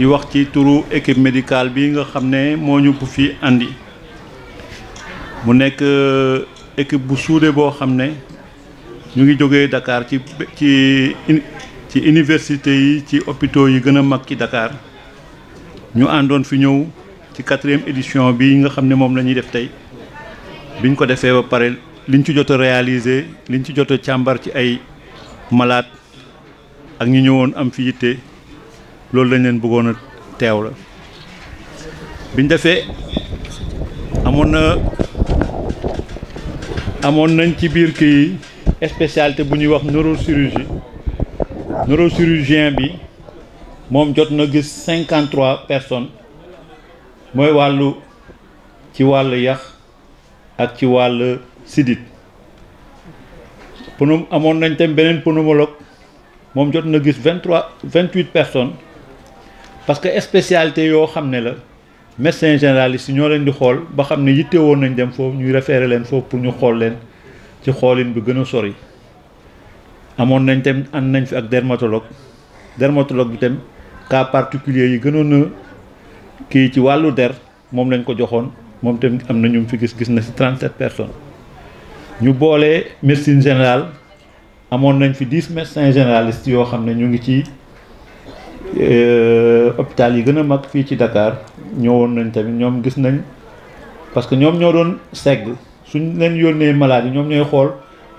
di wax ci turu équipe médicale bi nga xam ne moo ñu bu fi andi mu nekk euh, équipe bu suude boo xam ne ñu ngi jógee dakaar ci ci ci université yi ci hôpitaux yi gën a mag ci dakaar ñu àndoon fi ñëw ci quatrième édition bi nga xam ne moom la ñuy def tey biñ ko defee ba pare liñ ci jot a réaliser liñ ci jot càmbar ci ay malaat ak ñu ñëwoon am fi yitte loolu lañ leen bëggoon a teew la biñ defee amoon na amoon nañ ci biir kii spécialité bu ñuy wax neurochirurgie neurochirurgien bi moom jot na gis cinquante trois personnes mooy wàllu ci wàllu yax ak ci wàllu sidit pneu amoon nañ tam beneen pneumologue moom jot na gis vingt trois vingt huit personnes parce que spécialité yoo xam ne la médecin généraliste ñoo leen di xool ba xam ne yitte woon nañ dem foofu ñuy référé leen foofu pour ñu xool leen ci xoolin bi gën a sori amoon nañ tam ànd nañ fi ak dermatologue dermatologue bi tam cas particulier yi gënoon na kii ci wàllu der moom lañ ko joxoon moom tam am na ñu fi gis gis na si 37 personnes ñu boolee médecine générale amoon nañ fi 10 médecins généralistes yoo xam ne ñu ngi ci Euh, hôpital yi gën a mag fii ci Dakar ñëwoon nañ tamit ñoom gis nañ parce que ñoom ñoo doon segg suñ leen yónnee malade ñoom ñooy xool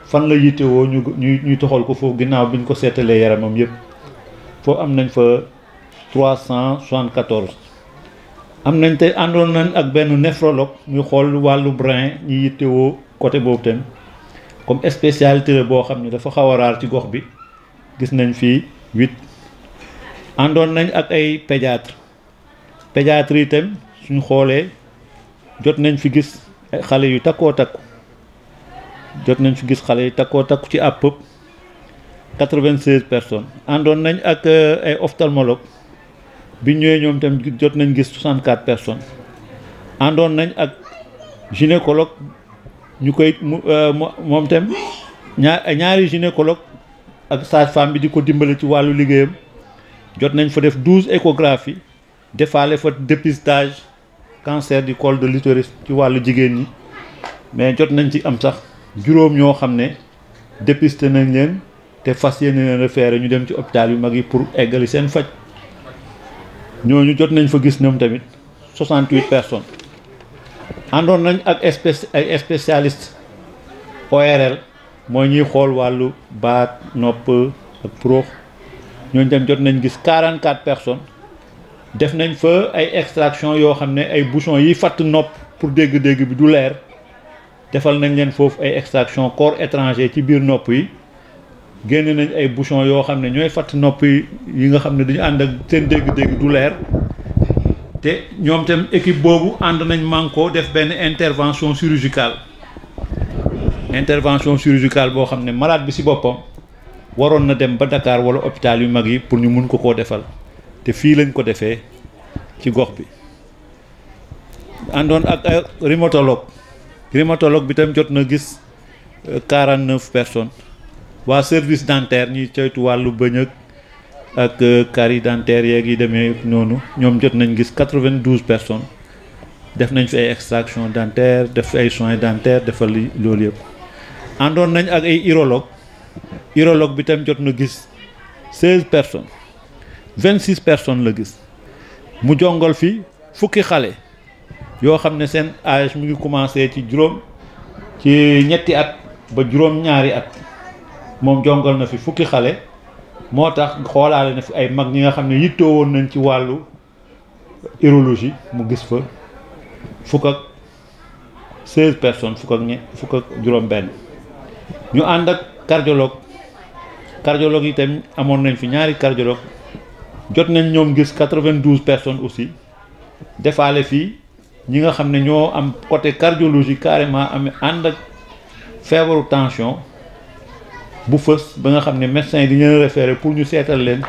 fan la yittewoo ñu ñu ñuy toxal ko foofu ginnaaw bi ñu ko seetalee yaramam yépp foo am nañ fa 374 am nañ te àndoon nañ ak benn néphrologue ñu xool wàllu brin ñu yittewoo côté boobu tamit comme spécialité boo xam ne dafa xaw a raar ci gox bi gis nañ fii 8. àndoon nañ ak ay pédiatre pédiatre yi tam suñ xoolee jot nañ fi gis ay xale yu takkoo takku jot nañ fi gis xale yu takkoo takku ci àpp quatre vingt personnes àndoon nañ ak euh, ay ophtalmologue bi ñëwee ñoom tam jot nañ gis soixante-quatre personnes àndoon nañ ak gynécologue ñu koy euh, moom tam ñaar ñaari gynécologue ak sage-femme bi di ko dimbali ci wàllu liggéeyam jot nañ fa def douze échographies defaale fa dépistage cancer du col de l'utérus ci wàllu jigéen ñi mais jot nañ ci am sax juróom ñoo xam ne dépisté nañ leen te fas yéene leen référé ñu dem ci hôpital yu mag yi pour eggali seen faj ñooñu jot nañ fa gis ñoom tamit soixante-huit personnes àndoon nañ ak ay spécialiste ORL mooy ñuy xool wàllu baat nopp ak prox ñooñu tam jot nañ gis quarante quatre personnes def nañ fa ay extraction yoo xam ne ay bouchons yiy fatt nopp pour dégg-dégg bi du leer defal nañ leen foofu ay extraction corps étranger ci biir nopp yi génn nañ ay bouchons yoo xam ne ñooy fatt nopp yi nga xam ne dañu ànd ak seen dégg-dégg du leer te ñoom tam équipe boobu ànd nañ manko def benn intervention chirurgicale intervention chirurgicale boo xam ne malade bi si boppam waroon na dem ba Dakar wala hôpital yu mag yi pour ñu mun ko koo defal te fii lañ ko defee ci gox bi àndoon ak ay rhumatologue rhumatologue bi tam jot na gis euh, quarante neuf personnes waa service dentaire ñuy coytu wàllu bëñ ak euh, carie dentaire yeeg yi demee noonu ñoom jot nañ gis quatre vingt douze personnes def nañ fi ay extraction dentaire def fi ay soins dentaires defal loolu yëpp àndoon nañ ak ay urologue urologue bi tam jot na gis seize personne vingt six personne la gis mu jongal fi fukki xale yoo xam ne seen âge mu ngi commencé ci juróom ci ñetti at ba juróom-ñaari at moom jongal na fi fukki xale moo tax xoolaale na fi ay mag ñi nga xam ne yittoo woon nañ ci wàllu urologie mu gis fa fukk ak seize personnes fukk ak ñe fukk ak juróom benn ñu ànd ak cardiologue cardiologue yi tamit amoon nañ fi ñaari cardiologue jot nañ ñoom gis quatre-vingt-douze personnes aussi defaale fii ñi nga xam ne ñoo am côté cardiologie carrément am ànd ak feebaru tension bu fës ba nga xam ne médecin yi di leen pour ñu seetal leen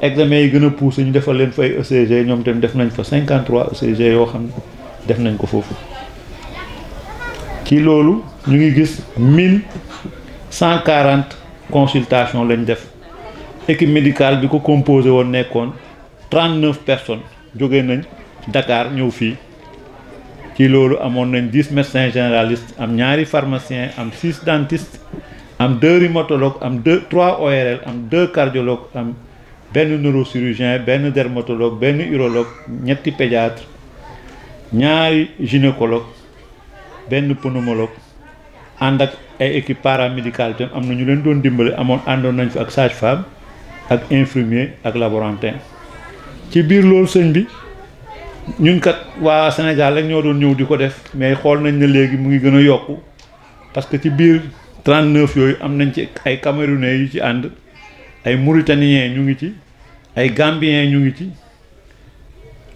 examen yi gëna a poussé ñu defal leen fay ECG ñoom tamit def nañ fa 53 ECG yoo xam ne def nañ ko foofu ci loolu ñu ngi gis cent 1140 consultation lañu def équipe médicale bi ko composé woon nekkoon trente neuf personnes jóge nañ dakaar ñëw fii ci loolu amoon nañ dix médecins généralistes am ñaari pharmaciens am six dentistes am deux rhumatologues am deux trois ORL am deux cardiologues am benn neurochirurgien benn dermatologue benn urologue ñetti pédiatre ñaari gynécologue benn pneumologue ànd ak ay équipe paramédicale itam am na ñu leen doon dimbale amoon àndoon nañ fi ak sage-femme ak infirmier ak laborantin ci biir loolu sëñ bi ñun kat waa Sénégal rek ñoo doon ñëw di ko def mais xool nañ ne léegi mu ngi gën a yokku parce que ci biir 39 yooyu am nañ ci ay camerounais yu ci ànd ay mauritaniens ñu ngi ci ay gambiens ñu ngi ci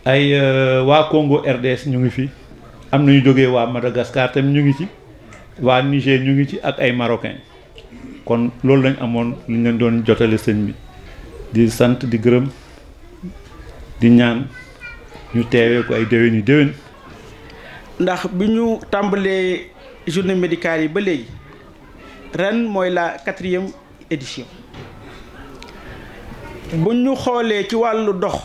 ay euh, waa Congo RDS ñu ngi fi am na ñu jógee waa Madagascar tam ñu ngi ci. waa Niger ñu ngi ci ak ay marocains kon loolu lañ amoon lu ñu leen doon jotale seen bi di sant di gërëm di ñaan ñu teewee ko ay déwén yu déwén. ndax bi ñu tàmbalee journée médicale yi ba léegi ren mooy la quatrième édition bu ñu xoolee ci wàllu dox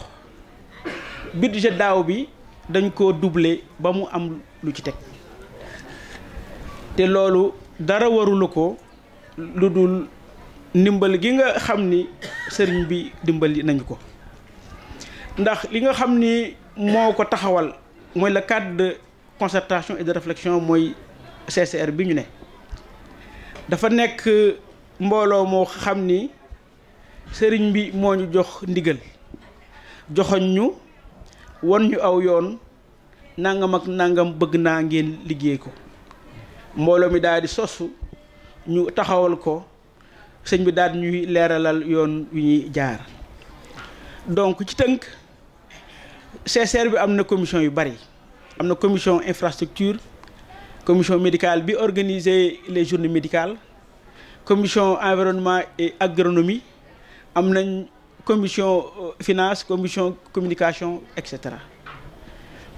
budget daaw bi dañ ko doubler ba mu am lu ci teg. te loolu dara warulu ko lu dul ndimbal gi nga xam ni sëriñ bi dimbali nañu ko ndax li nga xam ni moo ko taxawal mooy la cadre de concertation et de réflexion mooy CCR bi ñu ne dafa nekk mbooloo moo xam ni sëriñ bi moo ñu jox ndigal joxoñ ñu won ñu aw yoon nangam ak nangam bëgg naa ngeen liggéey ko mbooloo mi daal di sosu ñu taxawal ko sëñ bi daal ñuy leeralal yoon yu ñuy jaar donc ci tënk CCR bi am na commission yu bari am na commission infrastructure commission médicale bi organiser les journées médicales commission environnement et agronomie am nañ commission euh, finance commission communication et cetera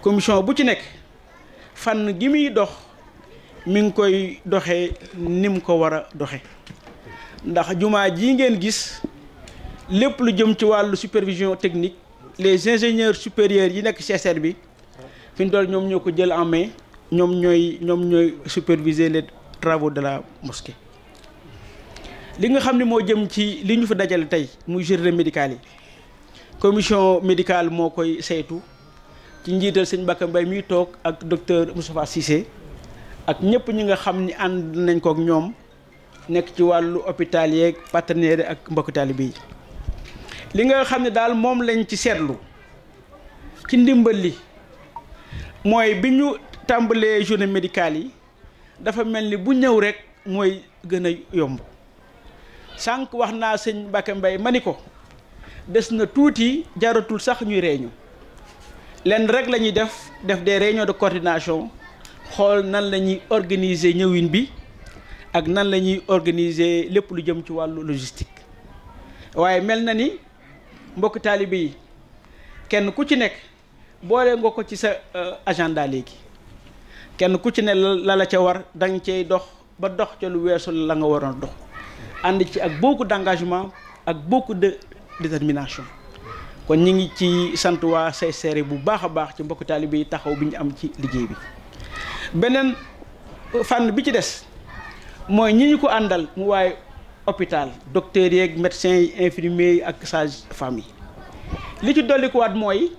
commission bu ci nekk fànn gi muy dox mi ngi koy doxee ni mu ko war a doxe ndax jumaa ji ngeen gis lépp lu jëm ci wàllu supervision technique les ingénieurs supérieurs yi nekk CSR bi fi ñu dool ñoom ñoo ko jël en main ñoom ñooy ñoom ñooy superviser les travaux de la mosquée li nga xam ne moo jëm ci li ñu fi dajale tey muy journée médicale yi commission médicale moo koy saytu ci njiital sëñ Bakka Mbaye miy toog ak docteur Moustapha Cissé ak ñëpp ñi nga xam ni ànd nañ kook ñoom nekk ci wàllu hôpital yeeg partenaire yi ak mbokku taalibe yi li nga xam ne daal moom lañ ci seetlu ci ndimbal li mooy bi ñu tàmbalee journée médicale yi dafa mel ni bu ñëw rek mooy gën a yomb sànq wax naa sëñ Mbacke mbay ma ni ko des na tuuti jaratul sax ñuy réunion lenn rek la ñuy def def des réunions de coordination xool nan la ñuy organiser ñëwin bi ak nan la ñuy organiser lépp lu jëm ci wàllu logistique waaye mel na ni mbokk taalibe yi kenn ku ci nekk boole nga ko ci sa euh, agenda léegi kenn ku ci ne la la ca war danga cey dox ba dox ca lu weesu la nga waroon dox ànd ci ak beaucoup d'engagement ak beaucoup de détermination kon ñu ngi ci sant waa CCR bu baax a baax ci mbokk taalibe yi taxaw bi ñu am ci liggéey bi beneen fànn bi ci des mooy ñi ñu ko àndal mu waaye hôpital docteurs yeeg médecins yi infirmiers yi ak sage femme yi li ci dollikuwaat mooy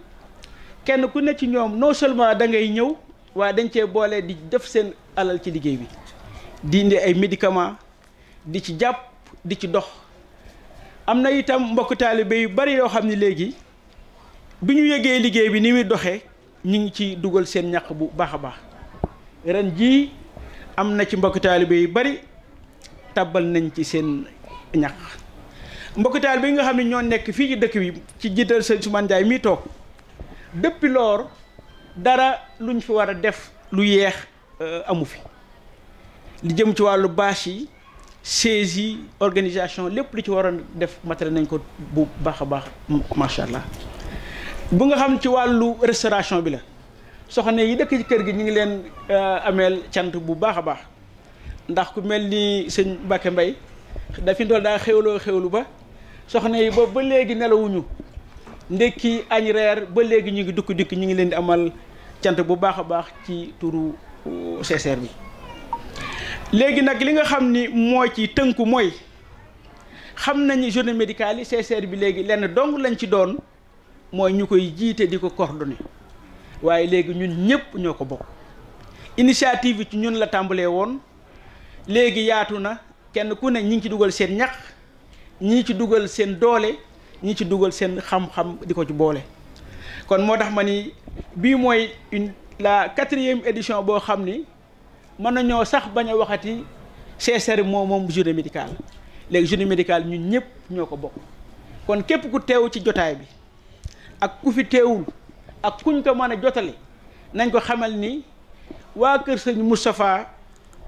kenn ku ne ci ñoom noo seulement da ngay ñëw waa dañ cee boole di def seen alal ci liggéey bi di indi ay médicaments di ci jàpp di ci dox am na itam mbokk taalibe yu bari yoo xam ne léegi bi ñu yëgee liggéey bi ni muy doxee ñu ngi ci dugal seen ñaq bu baax a baax ren jii am na ci mbokki taalibe bari tàbbal nañ ci seen ñax mbokki taalibe nga xam ne ñoo nekk fii ci dëkk bi ci jiital sëñ Ousmane Ndiaye mii toog depuis loor dara lu luñ fi war a def lu yeex euh, amu fi li jëm ci wàllu bâche yi chaise yi organisation lépp lu ci war a def matale nañ ko bu baax a baax macha allah bu nga xam ci wàllu restauration bi la soxna yi dëkk ci kër gi ñu ngi leen euh, ameel cant bu baax a baax ndax ku mel ni sëñ Mbacke Mbay dafi dool daa xewloo xewlu ba soxna yi boobu ba léegi nelawuñu ndekki añ reer ba léegi ñu ngi dukki dikk ñu ngi leen di amal cant bu baax a baax ci turu euh, CCR bi léegi nag li nga xam ni moo ci tënku mooy xam nañu journée médical yi CCR bi léegi lenn dong lañ ci doon mooy ñu koy jiite di ko coordonné waaye léegi ñun ñëpp ñoo ko bokk initiative ci ñun la tàmbalee woon léegi yaatu na kenn ku ne ñi ngi ci dugal seen ñax ñii ci dugal seen doole ñi ci dugal seen xam-xam di ko ci boole kon moo tax ma ni bii mooy une la quatrième édition boo xam ni mën nañoo sax bañ a waxati CSR moo moom journée médicale léegi journée médicale ñun ñëpp ñoo ko bokk kon képp ku teew ci jotaay bi ak ku fi teewul ak kuñ ko mën a jotali nañ ko xamal ni waa kër sëñ Moustapha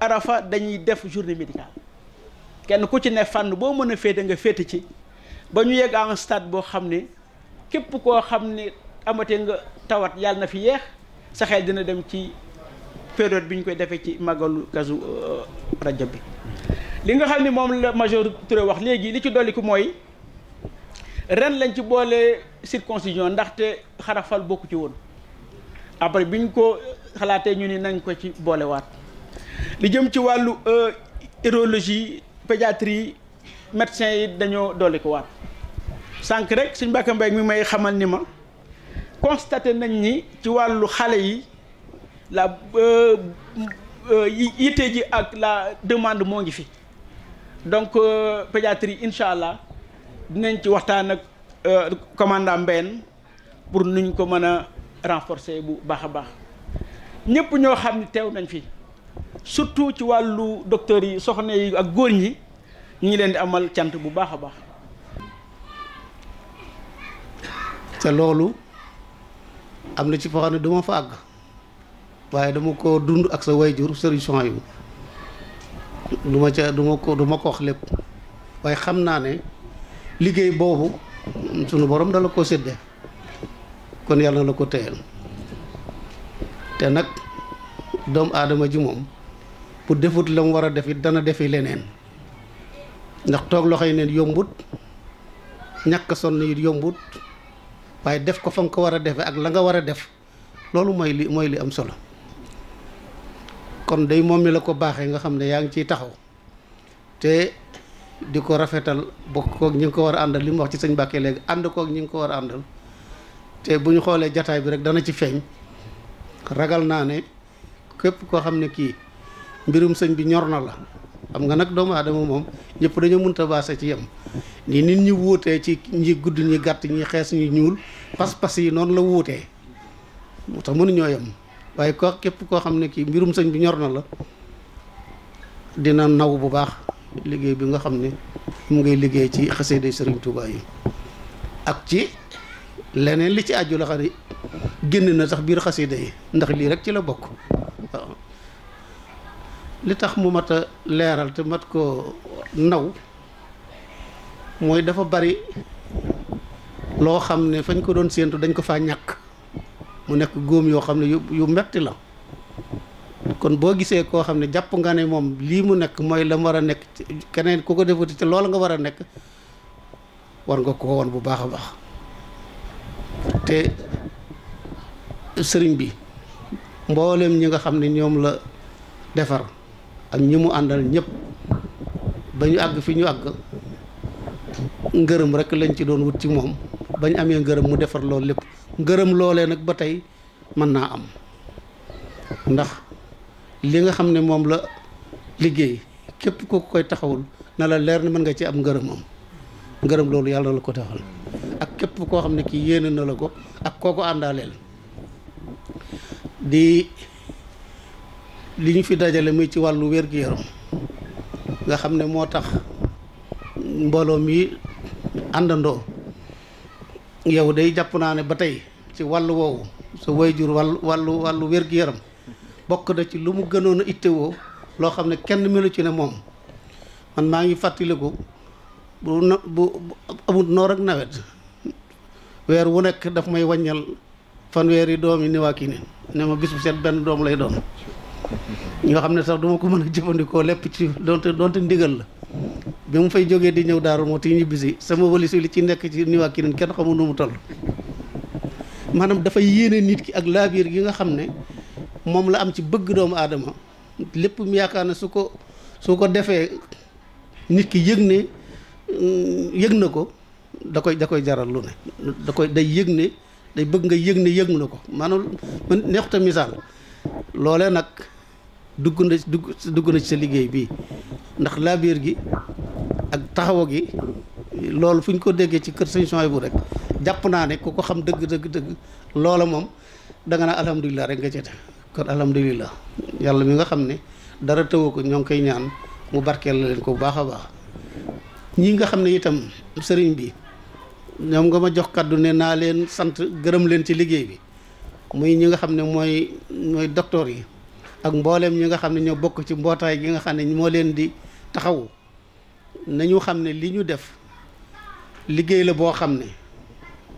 Arafa dañuy def journée médicale kenn ku ci ne fànn boo mën a féete nga féete ci ba ñu yegg à un stade boo xam ne képp koo xam ne amatee nga tawat yàlla na fi yeex sa xel dina dem ci période bi ñu koy defee ci màggalu kazu euh, rajab bi li nga xam ni moom la major Touré wax léegi li ci dolliku mooy ren lañ ci boole circoncision ndaxte xarafal bokku ci woon après bi ñu ko xalaatee ñu ni nañ ko ci boolewaat li jëm ci wàllu euh, urologie pédiatrie médecin yi dañoo dolli ko waat sànq rek suñ Mbàkke Mbay mi may xamal ni ma constaté nañ ni ci wàllu xale yi la euh, euh, yitte ji ak la demande moo ngi fi donc pédiatrie incha allah. dinañ ci waxtaan ak euh, commandant Mbène pour nuñ ko mën a renforcer bu baax a baax ñëpp ñoo xam ne teew nañ fi surtout ci wàllu docteur yi soxna yi ak góor ñi ñu ngi leen di amal cant bu baax a baax. te loolu am na ci foo ne duma fa àgg waaye dama ko dund ak sa wayjur sëriñ Souhaïbou du ma ca du ma ko du ma ko wax lépp waaye xam naa ne. liggéey boobu sunu borom dala ko séddee kon yàlla na la ko téyel te nag doomu aadama ji moom bu defut la mu war a def it dana defi leneen ndax toog loxoy neen yombut ñàkk sonn it yombut waaye def ko fa nga ko war a defe ak la nga war a def loolu mooy li mooy li am solo kon day moom mi la ko baaxee nga xam ne yaa ngi ciy taxaw te di ko rafetal bokk kook ñi ngi ko war a àndal li mu wax ci sañ Mbàkke léegi ànd koog ñi ngi ko war a àndal te bu ñu xoolee jataay bi rek dana ci feeñ ragal naa ne képp koo xam ne kii mbirum sëñ bi ñor na la xam nga nag doomu aadama moom ñëpp dañoo mënta baase ci yem ni nit ñi wuutee ci ñi gudd ñi gàtt ñi xees ñi ñuul pas-pas yi noonu la wuutee moo tax mënuñoo yem waaye ko képp koo xam ne kii mbirum sëñ bi ñor na la dina naw bu baax liggéey bi nga xam ne mu ngay liggéey ci xasida Sëriñ Tuubaa yi ak ci leneen li ci aju la xam ne génn na sax biir xasida yi ndax lii rek ci la bokk li tax mu mat a leeral te mat ko naw mooy dafa bari loo xam ne fañ ko doon séentu dañ ko fa ñàkk mu nekk góom yoo xam ne yu yu metti la kon boo gisee koo xam ne jàpp nga ne moom lii mu nekk mooy la war a nekk keneen ku ko defati te loolu nga war a nekk war nga ko woon bu baax a baax te sëriñ bi mboolem ñi nga xam ne ñoom la defar ak ñi mu àndal ñépp ba ñu àgg fi ñu àgg ngërëm rek lañ ci doon wut ci moom bañ amee ngërëm mu defar loolu lépp ngërëm loolee nag ba tey mën naa am ndax li nga xam ne moom la liggéey képp ku koy taxawul na la leer ne mën nga ci am ngërëmam ngërëm loolu yàlla la ko taxal ak képp koo xam ne kii yéene na la ko ak koo ko àndaaleel di li ñu fi dajale muy ci wàllu wér-gu-yaram nga xam ne moo tax mbooloo mi àndandoo yow day jàpp naa ne ba tey ci wàll woowu sa wayjur jur wàllu wàllu wér-gu-yaram bokk na ci lu mu gënoon a ittewoo loo xam ne kenn melu ci ne moom man maa ngi fàttaliku bu bu amul noor ak nawet weer wu nekk daf may wàññal fanweeri doom yi niwaa kii ne ma bis bu set benn doom lay doon ñoo xam ne sax du ma ko mën a jëfandikoo lépp ci donte donte ndigal la bi mu fay jógee di ñëw daaru moo ti ñibbisi sama walis li ci nekk ci niwaa kenn xamul nu mu toll maanaam dafa yéene nit ki ak laabiir gi nga xam ne moom la am ci bëgg doomu aadama lépp mu yaakaar ne su ko su ko defee nit ki yëg ne mm, yëg na ko da koy da koy jaral lu ne da koy day yëg ne day bëgg nga yëg ne yëg na ko maanaam man neexuta misaal loolee nag dugg na dugg dugg na ci sa liggéey bi ndax laabiir gi ak taxawa gi loolu fu ñu ko déggee ci kër sëñ Soy bu rek jàpp naa ne ku ko xam dëgg dëgg dëgg loola moom danga naa alhamdulilah rek nga ci kon alhamdulillah yàlla mi nga xam ne dara tëwu ko ñoo ngi koy ñaan mu barkeel la leen ko bu baax a baax ñi nga xam ne itam sëriñ bi ñoom nga ma jox kàddu ne naa leen sant gërëm leen ci liggéey bi muy ñi nga xam ne mooy mooy docteur yi ak mbooleem ñi nga xam ne ñoo bokk ci mbootaay gi nga xam ne moo leen di taxawu nañu xam ne li ñu def liggéey la boo xam ne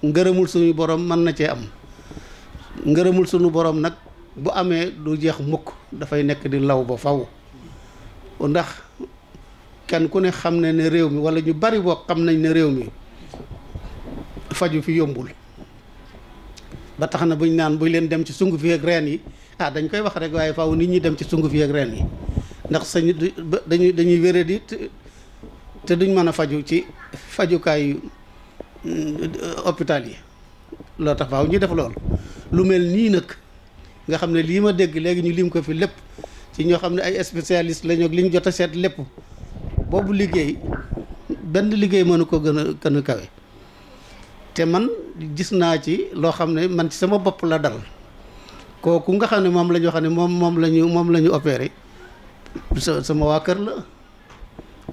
ngërëmul suñu boroom mën na cee am ngërëmul sunu borom nag bu amee du jeex mukk dafay nekk di law ba faw ndax kenn ku ne xam ne ne réew mi wala ñu bari boo xam nañ ne réew mi faju fi yombul ba tax na buñ naan buñ leen dem ci sungu fi ak reen yi ah dañ koy wax rek waaye faw nit ñi dem ci sungu fi ak reen yi ndax sañ dañuy dañuy wéré di te duñ mën a faju ci fajukaay mm, hôpital yi loo tax faaw ñu def loolu lu mel nii nag nga xam ne lii ma dégg léegi ñu lim ko fi lépp ci ñoo xam ne ay spécialiste lañu ak li ñu jot a seet lépp boobu liggéey benn liggéey mënu ko gën a gën a kawe te man gis naa ci loo xam ne man ci sama bopp la dal kooku nga xam ne moom la ñu xam ne moom moom la moom la ñu opéré sa sama waa kër la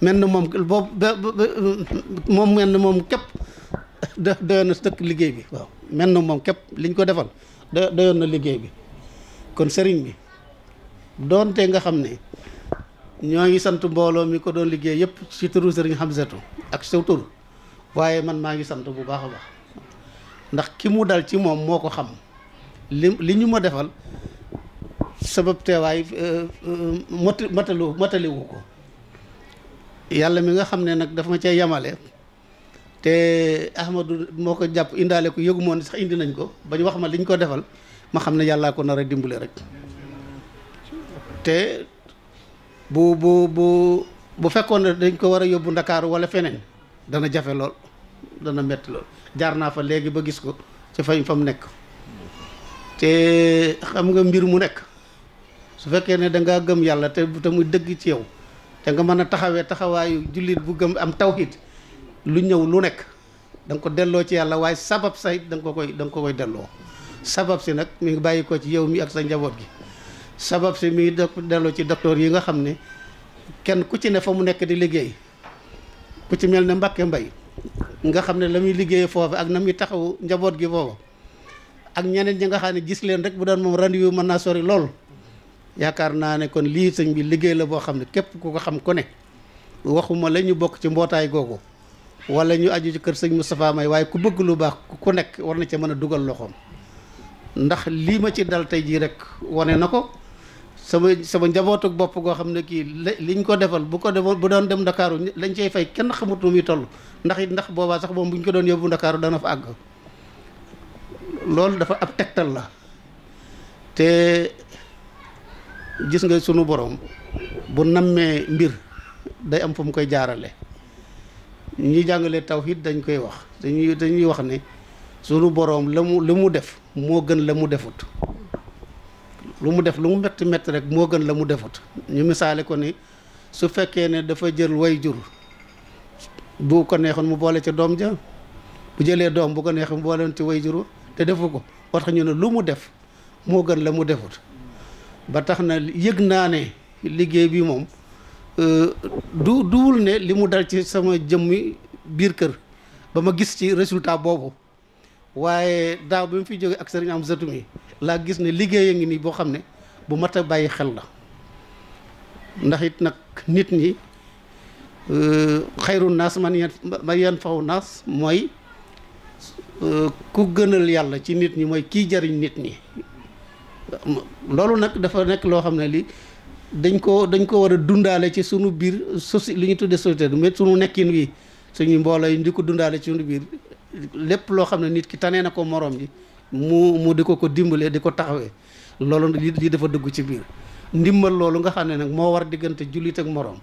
mel na moom boobu moom mel képp da doyoon na liggéey bi waaw mel na moom képp liñ ko defal da doyoon na liggéey bi kon sëriñ bi doonte nga xam ne ñoo ngi sant mbooloo mi ko doon liggéey yëpp ci turu sëriñ Hamsatu ak sa tur waaye man maa ngi sant bu baax a baax ndax ki mu dal ci moom moo ko xam li li ñu ma defal sabab teewaay euh, euh, mot matalu mataliwu ko yàlla mi nga xam ne nag dafa ma cee yemale te Ahmadou moo ko jàpp indaale ko yëgu moon sax indi nañ ko ba ñu wax ma liñ ko defal ma xam ne yàllaa ko nar a dimbale rek te bu bu bu bu fekkoon dañ ko war a yóbbu ndakaaru wala feneen dana jafe lool dana metti lool jaar naa fa léegi ba gis ko ci fañ fa mu nekk te xam nga mbir mu nekk su fekkee ne da ngaa gëm yàlla te te muy dëgg ci yow te nga mën a taxawee taxawaayu jullit bu gëm am tawhid lu ñëw lu nekk da ko delloo ci yàlla waaye sabab sayit da nga ko koy da ko koy delloo sabab si nag mi ngi bàyyi ko ci yow mi ak sa njaboot gi sabab si mi ngi delloo ci docteur yi nga xam ne kenn ku ci ne fa mu nekk di liggéey ku ci mel ni Mbàkke Mbay nga xam ne la muy liggéey foofu ak na muy taxaw njaboot gi foofu ak ñeneen ñi nga xam ne gis leen rek bu daan moom rendez-vous mën naa sori lool yaakaar naa ne kon lii sëñ bi liggéey la boo xam ne képp ku ko xam ko ne waxuma la ñu bokk ci mbootaay googu walla ñu aju ci kër sëñ Moustapha May waaye ku bëgg lu baax ku nekk war na ca mën a dugal loxoom ndax lii ma ci dal tey jii rek wane na ko sama sama njabootuk bopp goo xam ne kii liñ ko defal bu ko defoon bu doon dem ndakaaru lañ cey fay kenn xamut nu muy toll ndax it ndax boobaa sax moom buñ ko doon yóbbu ndakaaru dana fa àgg loolu dafa ab tegtal la te gis nga sunu boroom bu nammee mbir day am fu mu koy jaarale ñuy jàngalee taw tawhid dañ koy wax dañuy dañuy wax ne sunu boroom la mu la mu def moo gën la mu defut lu mu def lu mu metti metti rek moo gën la mu defut ñu misaale ko ni su fekkee ne dafa jël way jur bu ko neexoon mu boole ca doom ja bu jëlee doom bu ko neexoon mu boole ci way jur te defu ko moo tax ñu ne lu mu def moo gën la mu defut ba tax na yëg naa ne liggéey bi moom euh, du duwul ne li mu dal ci sama jëmmi biir kër ba ma gis ci résultat boobu waaye daaw bi mu fi jógee ak sëriñ am sëtu mi laa gis ne liggéey a ngi nii boo xam ne bu mat a bàyyi xel la ndax it nag nit ñi euh, xayru naas man yan man yan faw naas mooy euh, ku gënal yàlla ci nit ñi mooy kii jariñ nit ñi loolu nag dafa nekk loo xam ne li dañ ko dañ ko war a dundaale ci sunu biir sosi li ñu tuddee société mais sunu nekkin wi suñu mbooloo yi di ko dundaale ci sunu biir lépp loo xam ne nit ki tane na ko moroom ji mu mu di ko ko dimbalee di ko taxawee loolu lii dafa dugg ci biir ndimbal loolu nga xam ne nag moo war diggante jullit ak moroom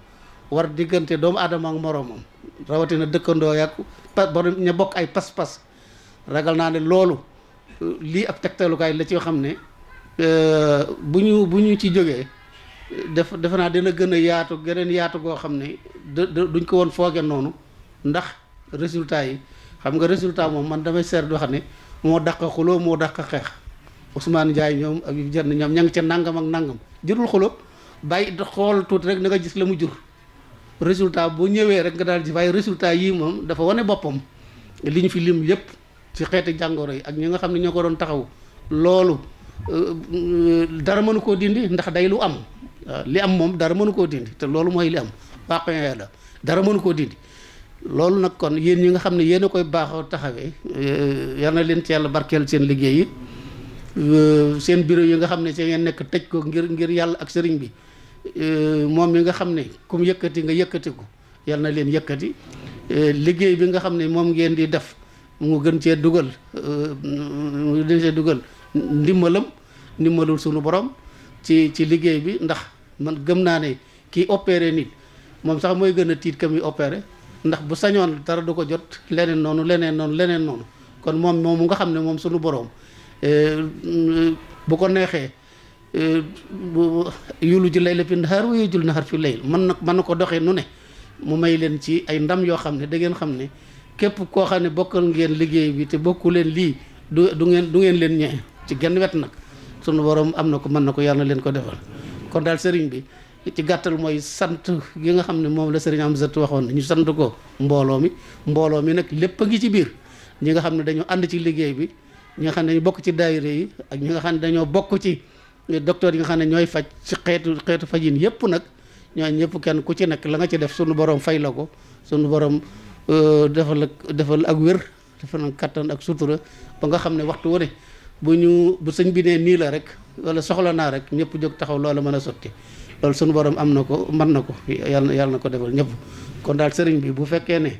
war diggante doomu aadama ak moroomam rawatina dëkkandoo yàq pa ba ña bokk ay pas-pas ragal naa ne loolu lii ak tegtalukaay la ci yoo xam ne euh, bu ñu bu ñu ci jógee def defe naa dina gën a yaatu geneen yaatu goo xam ne duñ ko woon fooge noonu ndax résultat yi xam nga résultat moom man damay seetlu wax ne moo dàq xuloo moo daq xeex Ousmane Ndiaye ñoom ak Habib Diène ñoom ña ngi ca nangam ak nangam jurul xuloo bàyyi xool tuuti rek na nga gis la mu jur résultat bu ñëwee rek nga daal di waaye résultat yii moom dafa wane boppam li ñu fi lim yépp ci xeeti jàngoro yi ak ñi nga xam ne ñoo ko doon taxaw loolu euh, dara mënu koo dindi ndax day lu am li am moom dara mënu koo dindi te loolu mooy li am waaqe la dara mënu koo dindi loolu nag kon yéen yi nga xam ne yéen a koy baaxoo taxawee eh, yal na leen ci yàlla barkeel seen liggéey yi eh, seen bureau yi nga xam ne ci ngeen nekk tëj ko ngir ngir yàlla ak sëriñ bi eh, moom mi nga xam ne ku mu nga yëkkati ko yal na leen yëkkati liggéey bi nga xam ne moom ngeen di def mu gën cee dugal mu gën cee dugal ndimbalam ndimbalul sunu borom ci ci liggéey bi ndax man gëm naa ne kii opéré nit moom sax mooy gën a tiit ka muy opéré ndax bu sañoon dara du ko jot leneen noonu leneen noonu leneen noonu kon moom moom nga xam ne moom suñu boroom eh, bu ko neexee eh, yulu ji lay la fi nahaar wa yujul nahaar fi layl mën na mën na ko doxe nu ne mu may leen ci ay ndam yoo xam ne dangeen xam ne képp koo xam ne bokkal ngeen liggéey bi te bokku leen lii du du ngeen du ngeen leen ñee ci genn wet nag sunu boroom am na ko mën na ko yàlla leen ko defal kon daal sëriñ bi ci gàttal mooy sant yi nga xam ne moom la sëriñ Amzat waxoon ñu sant ko mbooloo mi mbooloo mi nag lépp a ngi ci biir ñi nga xam ne dañoo ànd ci liggéey bi ñi nga xam ne dañu bokk ci daayira yi ak ñu nga xam ne dañoo bokk ci docteur yi nga xam ne ñooy faj ci xeetu xeetu fajin yépp nag ñoo ñëpp kenn ku ci nekk la nga ci def suñu borom fay la ko sunu borom euh, defal ak defal ak wér defal ak kattan ak sutura ba nga xam ne waxtu wu ne bu ñu bu sëñ bi nee nii la rek wala soxla naa rek ñëpp jóg taxaw loola mën a sotti loolu suñu borom am na ko mën na ko yàlla yàlla na ko defal ñëpp kon daal sëriñ bi bu fekkee ne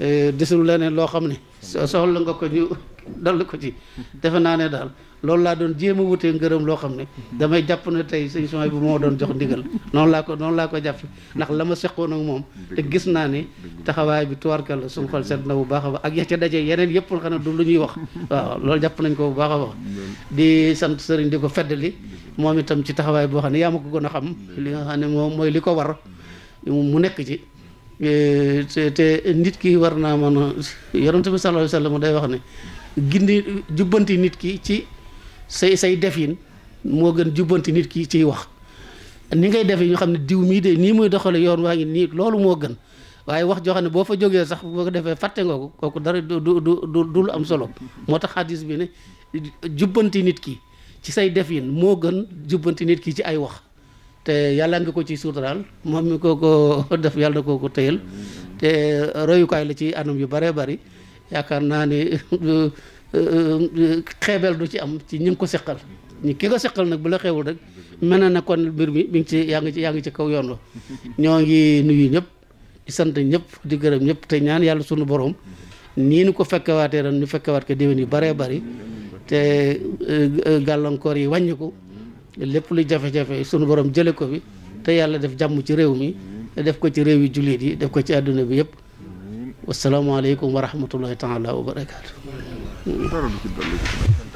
eh, desul ne loo xam ne soxla nga ko ñu dal ko ci defe naa ne daal loolu laa doon jéem a wutee ngërëm loo xam ne damay jàpp ne tey sëñ sooy bu moo doon jox ndigal noonu laa ko noonu laa ko jàpp ndax la ma seqoon ak moom gis naa ne taxawaay bi tuwarkal la suñu xol na bu baax ak ya daje yeneen yëpp xam ne du lu ñuy wax loolu jàpp nañ ko bu baax a baax di sant sëriñ di ko feddali moom itam ci taxawaay boo xam ne yaa ma ko a xam li nga xam ne moom mooy li ko war mu nekk ci e, te nit ki war naa mën a yonent bi sallallahu alayhi day wax ne gindi jubbanti nit ki ci say say defin moo gën jubbanti nit ki ciy wax ni ngay defee ñu xam ne diw mii de nii muy doxale yoon waa ngi nii loolu moo gën waaye wax joo ne boo fa jógee sax boo ko defee fàtte nga ko kooku dara du du du du lu am solo moo tax xadis bi ne jubbanti nit ki ci say defin moo gën jubbanti nit ki ci ay wax te yàlla nga ko ci suutaraal moom mi ko ko def yàlla ko ko téyal te royukaay la ci anam yu bëree bëri yaakaar naa ni Euh, euh, xeebeel du ci am ci ñi ko seqal ñi ki ko seqal nag bu la xeewul rek mel na kon mbir mi mi ngi ci yaa ngi ci yaa ci kaw yoon la ñoo ngi nuyu ñëpp di sant ñëpp di gërëm ñëpp te ñaan yàlla sunu borom nii nu ko fekkewaatee ren ñu fekkewaat ko déwén yu bëree bari te euh, gàllankoor yi wàññiku lépp lu jafe-jafe sunu borom jële ko bi te yàlla def jàmm ci réew mi def ko ci réew yi jullit yi def ko ci àdduna bi yëpp wasalaamaaleykum wa rahmatullahi taala wa dara du ci dolli